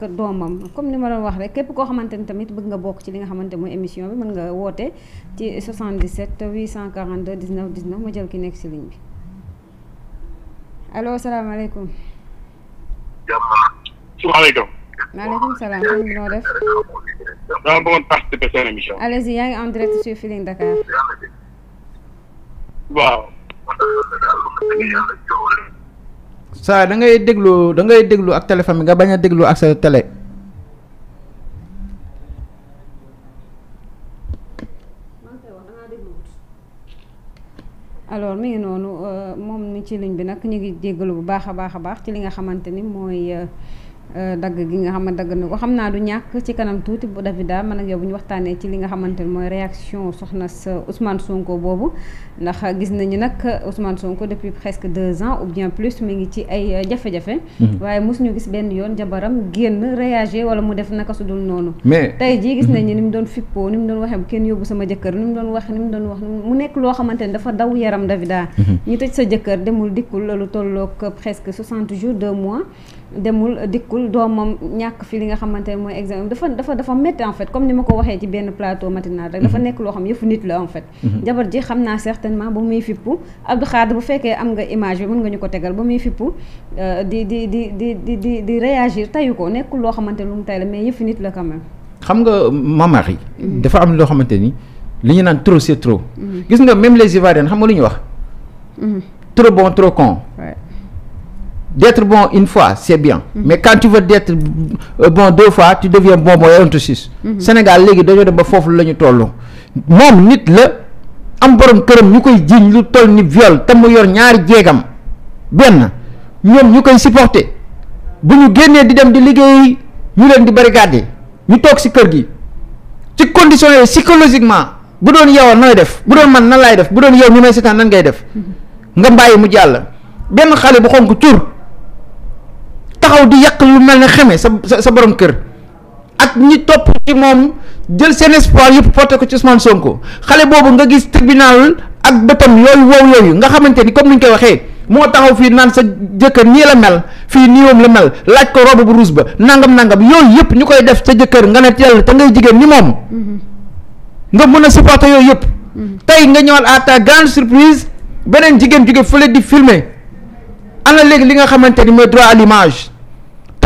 rek doomam comme ni ma doon wax rek képp koo xamante ni tamit bëgg nga bokk ci li nga xamante mooy émission bi mën nga woote ci 77 842 19 19 ma jël ki nekk si ligne bi allo salaamaaleykum. salaamaaleykum. maaleykum salaam sëñ bi noo def. dama yaa ngi en direct sur Feeling saa da ngay déglu da déglu ak téléphone bi nga bañ a déglu ak sa télé. alors mi ngi noonu euh, moom mi ci ligne bi nag ñu ngi jéggalu bu baax a baax a baax ci li nga xamante ni mooy. Euh, Euh, dagg gi nga xam ne dagg na ko xam naa du ñàkk ci kanam tuuti bu Davida man ak yow bu ñu waxtaanee ci li nga xamante ne mooy réaction soxna sa Ousmane Sonko boobu ndax gis nañu nag Ousmane Sonko depuis presque deux ans ou bien plus mi ngi ci ay jafe-jafe. Mhm. waaye mosuñu gis benn yoon jabaram génn réagir wala mu def naka su dul noonu. mais tey jii gis mhm. nañu ni mu doon fippoo ni mu doon waxee kenn yóbbu sama jëkkër ni mu doon wax ni mu doon wax mu nekk loo xamante ni dafa daw yaram Davida. Mhm. ñu tëj sa jëkkër demul dikkul loolu tolloog presque soixante jours deux mois. demul dikkul doomam ñàkk fi li nga xamante ne mooy examen dafa dafa dafa métti en fait comme ni ma ko waxee ci benn plateau matinal rek dafa mhm. nekk loo xam yëfu nit la en fait mhm. ji xam naa certainement ba muy fippu Abdou bu fekkee am nga image bi nga ñu ko tegal ba muy fippu euh, di di di di di di réagir tayu ko nekkul loo xamante ne lu mu tay la mais yëfu nit la quand même xam nga mamar yi mhm. dafa am loo xamante ni li ñu naan trop c'est trop gis nga même les Ivoiriens xam nga lu ñu wax trop bon trop con d'être bon une fois c'est bien mm -hmm. mais quand tu veux d'être euh, bon deux fois tu deviens bon mooy un six mm-hmm. Sénégal léegi dañoo dem ba foofu la ñu toll moom nit la am borom këram ñu koy jiiñ lu toll ni viol te mu yor ñaari jéegam benn ñoom ñu koy supporter bu ñu génnee di dem di liggéey ñu leen di barricade ñu toog ci kër gi ci conditions yooyu psychologiquement bu doon yow nooy def bu doon man nan laay def bu doon yow ñu may seetaan nan ngay def mm-hmm. nga mbàyyi mu jàll benn xale bu xonk cur taxaw di yàq lu mel ne xeme sa sa sa kër ak ñi topp ci moom jël seen espoir yëpp porté ko ci Ousmane Sonko xale boobu nga gis tribunal ak bëtam yooyu wow yooyu nga xamante ni comme ni ñu koy waxee moo taxaw fii naan sa jëkkër nii la mel fii nii moom la mel laaj ko robe bu ruus ba nangam nangam yooyu yëpp ñu koy def sa jëkkër nga ne yàlla te ngay jigéen ni moom mm-hmm. nga mën a supporter yooyu yëpp mm-hmm. tey nga ñëwaat à ta grande surprise beneen jigéen jóge fële di filmer ana léegi li nga xamante ni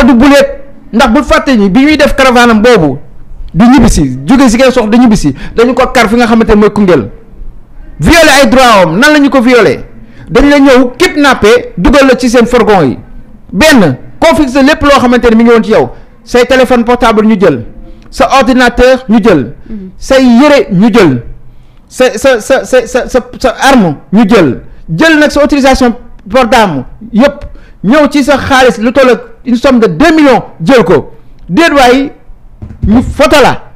patu buleet ndax bul fàtte ñi bi ñuy def caravane am boobu di ñibbisi jóge si kee sox di ñibbisi dañu ko kar fi nga xamante ne mooy Koungheul violé ay droit am nan la ñu ko violé dañ la ñëw kidnappé dugal la ci seen fourgon yi benn confisqué lépp loo xamante ne mi ngi woon ci yow say téléphone portable ñu jël sa ordinateur ñu jël mm-hmm. say yére ñu jël sa sa sa sa sa sa arme ñu jël jël nag sa autorisation port d'arme ñëw ci sa xaalis lu toll ak une de deux millions jël ko déet waay ñu foto la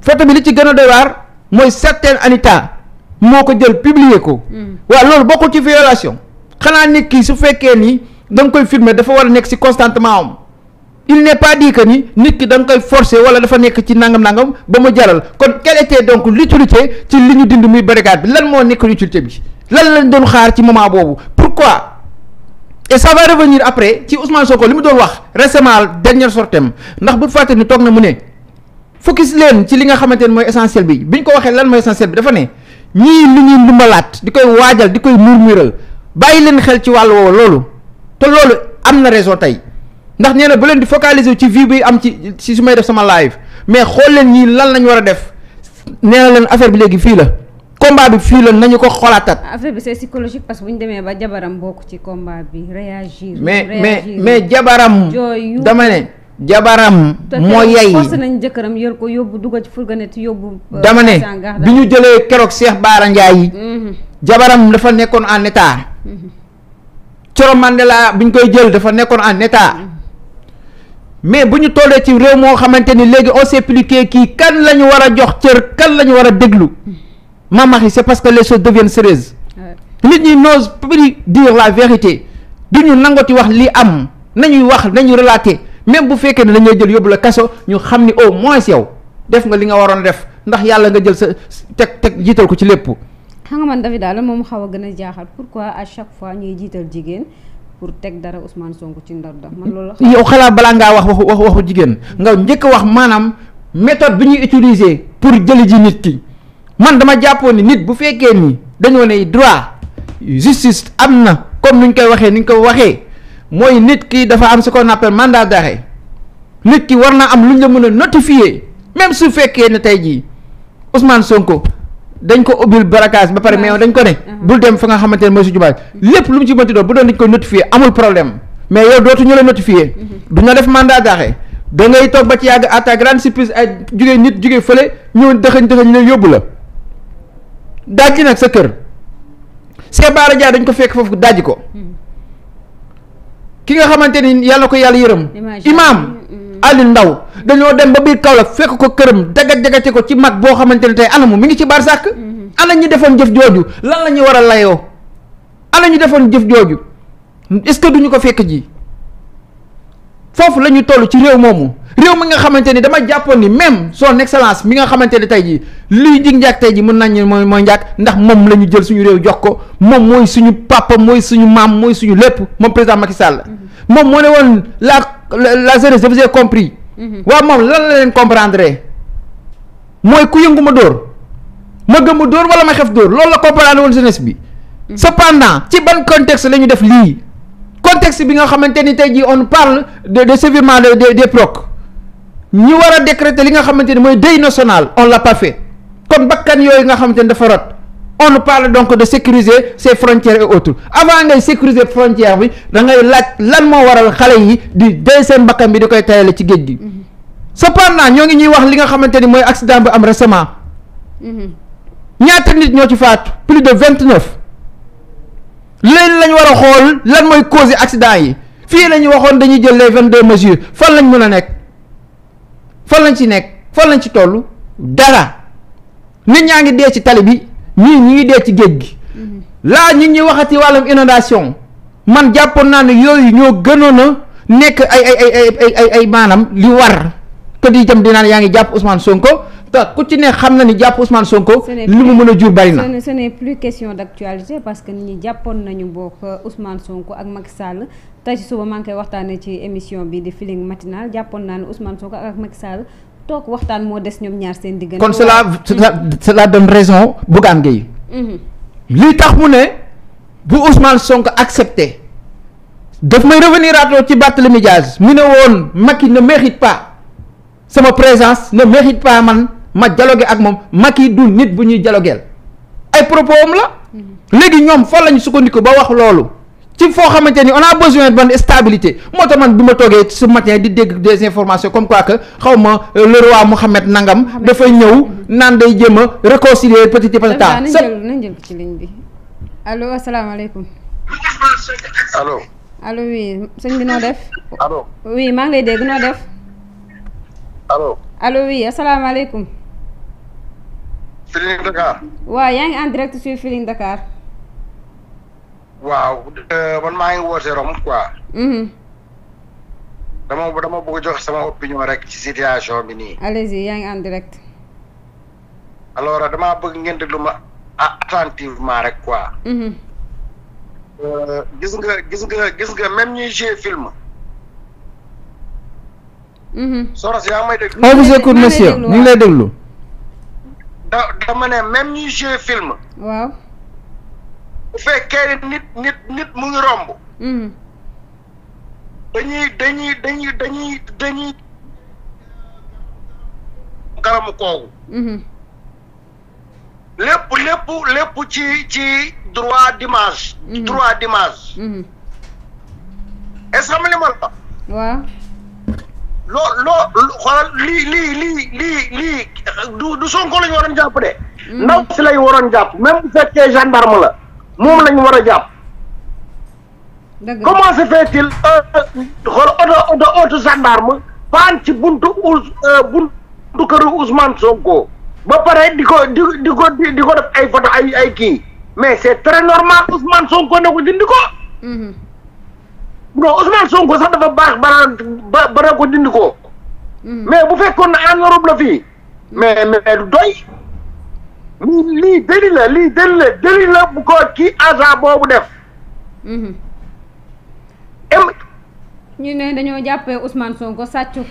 foto bi li ci gën a doy waar mooy certain anita moo ko jël publier ko. Hmm. waaw loolu bokkul ci violation xanaa nit ki su fekkee nii da koy filmer dafa war a nekk si constantement am il n'est pas dit que ni nit ki da nga koy forcer wala dafa nekk ci nangam-nangam ba mu jaral kon quelle était donc l'utilité ci li ñu dind muy brigade bi lan moo nekk l'utilité bi lan lañ doon xaar ci moment boobu pourquoi. et ça va revenir après ci Ousmane Sonko li mu doon wax récemment dernière sortem ndax bu fàtte ni toog na mu ne focus leen ci li nga xamante ne mooy essentiel bi bi ñu ko waxee lan mooy essentiel bi dafa ne ñii lu ñuy ndumbalaat di koy waajal di koy murmural bàyyi leen xel ci wàll woowu loolu te loolu am na raison tey ndax nee na bu leen di focaliser ci vie bi am ci ci su may def sama live mais xool leen ñii lan lañ war a def nee leen affaire bi léegi fii la combat bi fii la nañu ko xolaatat. Ah, affaire bi c'est psychologique parce que ñu demee ba jabaram bokk ci combat bi mais mais mais jabaram. dama ne. jabaram moo yay force nañ jëkkëram yor ko yóbbu dugal ci fourgonnette yóbbu. Euh, dama ne bi ñu jëlee keroog Cheikh Baara Ndiaye. Mhm. jabaram dafa nekkoon en état. Coro mhm. Mandela bi ñu koy jël dafa nekkoon en état. Mhm. mais bu ñu tollee ci réew moo xamante ni léegi on s'est kii kan la ñu war a jox cër kan la ñu war a déglu. ma yi c'est parce que les choses deviennent sérieuses nit ñi n'ose plus dire la vérité du ñu nangoti wax li am nañuy wax nañu relater même bu fekkee ne dañoo jël yóbbu la kaso ñu xam ni au moins yow def nga li nga waroon def ndax yàlla nga jël sa teg teg jiital ko ci lépp. xam nga man daal la moom xaw a gën a jaaxal pour quoi à chaque fois ñuy jiital jigéen. pour teg dara Ousmane Sonko ci ndar man loolu yow xalaa balaa ngaa wax waxu waxu jigéen nga njëkk wax maanaam méthode bi ñuy utiliser pour jëli ji man dama jàppoon ni nit bu fekkee ni dañoo ne droit justice am na comme nuñ koy waxee ni ñu ko waxee mooy nit ki dafa am ce ko appelle mandat nit ki war naa am lu ñu la mën a notifier même su fekkee ne tey jii Ousmane Sonko dañ ko ubbil barakaas ba pare mais dañ ko ne. Mhm. bul dem fa nga xamante ne mooy su jubaay lépp lu mu ci mënti doon bu doon dañ ko notifier amul problème mais yow dootuñu la notifier. Mhm. du ñu def mandat d'arrêt da ngay toog ba ci yàgg à ta grande surprise nit jugee fële ñëw dëxëñ dëxëñ la yóbbu la. dajji nag sa kër Cheikh Bara Dia dañ ko fekk foofu dajji ko ki nga xamante ni yàlla ko yàlla yërëm imaam àll mm-hmm. Ndaw dañoo dem ba biir Kaolack fekk ko këram jagat jagate ko ci mag boo xamante ne tey anamu mi ngi ci barsàkk mm-hmm. ana ñu defoon jëf jooju lan la ñu war a layoo ana ñu defoon jëf jooju est-ce que duñu ko fekk ji foofu la ñu toll ci réew moomu réew mi nga xamante ni dama jàppoon ni même son excellence mi nga xamante ni tey jii lii dig njaag tey jii mën nañ mooy mooy njaag ndax moom la ñu jël suñu réew jox ko moom mooy suñu papa mooy suñu maam mooy suñu lépp moom président Macky Sall mhm. moom moo ne woon la la jeunesse vous avez compris mhm. waa moom lan la leen comprendre mooy ku yëngu ma dóor ma gëm ma dóor wala ma xef dóor loolu la comprendre woon jeunesse bi mhm. cependant ci ban contexte la ñu def lii contexte bi nga xamante ni tey jii on parle de de sévirement de des des proc ñi war a décréter li nga xamante ni mooy deuil national on l'a pas fait kon bakkan yooyu nga xamante ni dafa rot on parle donc de sécuriser ses frontières et autres avant ngay sécuriser frontière bi da ngay laaj lan moo waral xale yi di dee seen mbakkan bi di koy tayale ci géej gi mm-hmm. cependant ñoo ngi ñuy wax li nga xamante ni mooy accident bu am récemment mm-hmm. ñaata nit ñoo ci faatu plus de vingt leen lañu war a xool lan mooy cause accident yi fii la ñu waxoon dañu jël les vingt deux mesures fan lañ mën a nekk fan lañ ci nekk fan lañ ci toll dara nit ñaa ngi dee ci tali bi ñii ñu ngi dee ci géej gi mm-hmm. laa ñu ñuy waxati wàllum inondation man jàppoon naa ne yooyu ñoo gënoon a nekk ay ay ay ay maanam ay li war que di jëm di naan yaa ngi jàpp Ousmane Sonko te ku ci ne xam na ni jàpp Ousmane Sonko. li mu mën a jur bari parce que ñi jàppoon nañu bokk Ousmane Sonko ak Macky Sall tey ci suba maa ngi koy waxtaanee ci émission bi di Feeling Matinal jàppoon naa ne Ousmane Sonko ak Macky Sall toog waxtaan moo des ñoom ñaar seen diggante. kon cela cela donne raison Bougane Gueye. Mm-hmm. li tax mu ne bu Ousmane Sonko accepté daf may revenir aatoo ci Barthélémy Dias mu ne woon Macky ne mérite pas sama présence ne mérite pas man. ma dialogué ak moom Macky du nit bu ñuy jalogeel ay propos am la léegi ñoom fan lañu sukkandiku ba wax loolu ci foo xamante ni on a besoin de stabilité moo tax man bi ma toogee ce matin di dégg des informations comme quoi que xaw ma euh, le roi Mohamed Nangam. dafa ñëw naan day jéem a réconcilier petit peu. temps sa nañ jël ci ligne bi allo asalaamaaleykum. allo. allo oui sëñ bi noo def. allo oui maa ngi lay dégg noo def. allo. allo oui asalaamaaleykum. Feeling Dakar. waaw yaa ngi en direct sur Feeling Dakar. waaw euh, man maa ngi woote Rome quoi. Mhm. dama dama bëgg jox sama opinion rek ci situation bi nii. allez-y yaa ngi en direct. alors damaa bëgg ngeen déglu ma attentivement rek quoi. Mhm. Euh, gis nga gis nga gis nga même ñuy jouer film. Mhm. Soros yaa ngi may déglu. on vous écoute monsieur ñu ngi lay déglu. da dama ne même ñuy film. waaw. bu fekkee nit nit nit mu ngi romb. Mm-hmm. dañuy dañuy dañuy dañuy dañuy. garamu kooku. Mm-hmm. lépp lépp lépp ci ci droit d'image. Mm-hmm. droit d'image. est-ce que loo loo lii lii lii lii lii du du Sonko la ñu waroon jàpp de. Mm. ndaw si lañ waroon jàpp même bu e gendarme la moom lañ war a jàpp. comment se fait-il euh, xool oto oto oto gendarme paan ci buntu Ous euh, buntu këru Ousmane Sonko ba pare di ko di di ko def ay photo ay kii mais c'est très normal Ousmane Sonko ne ko dindi ko. Mm-hmm. non Ousmane Sonko sax dafa baax baraan ba bara ko dindi ko. Hmm. mais bu fekkoon ne en Europe la fii. Hmm. mais mais du doy. lii dëri la lii dëri la dëri la bu ko kii agent boobu def. Hmm. ñu ne dañoo jàppee Ousmane ko sàcc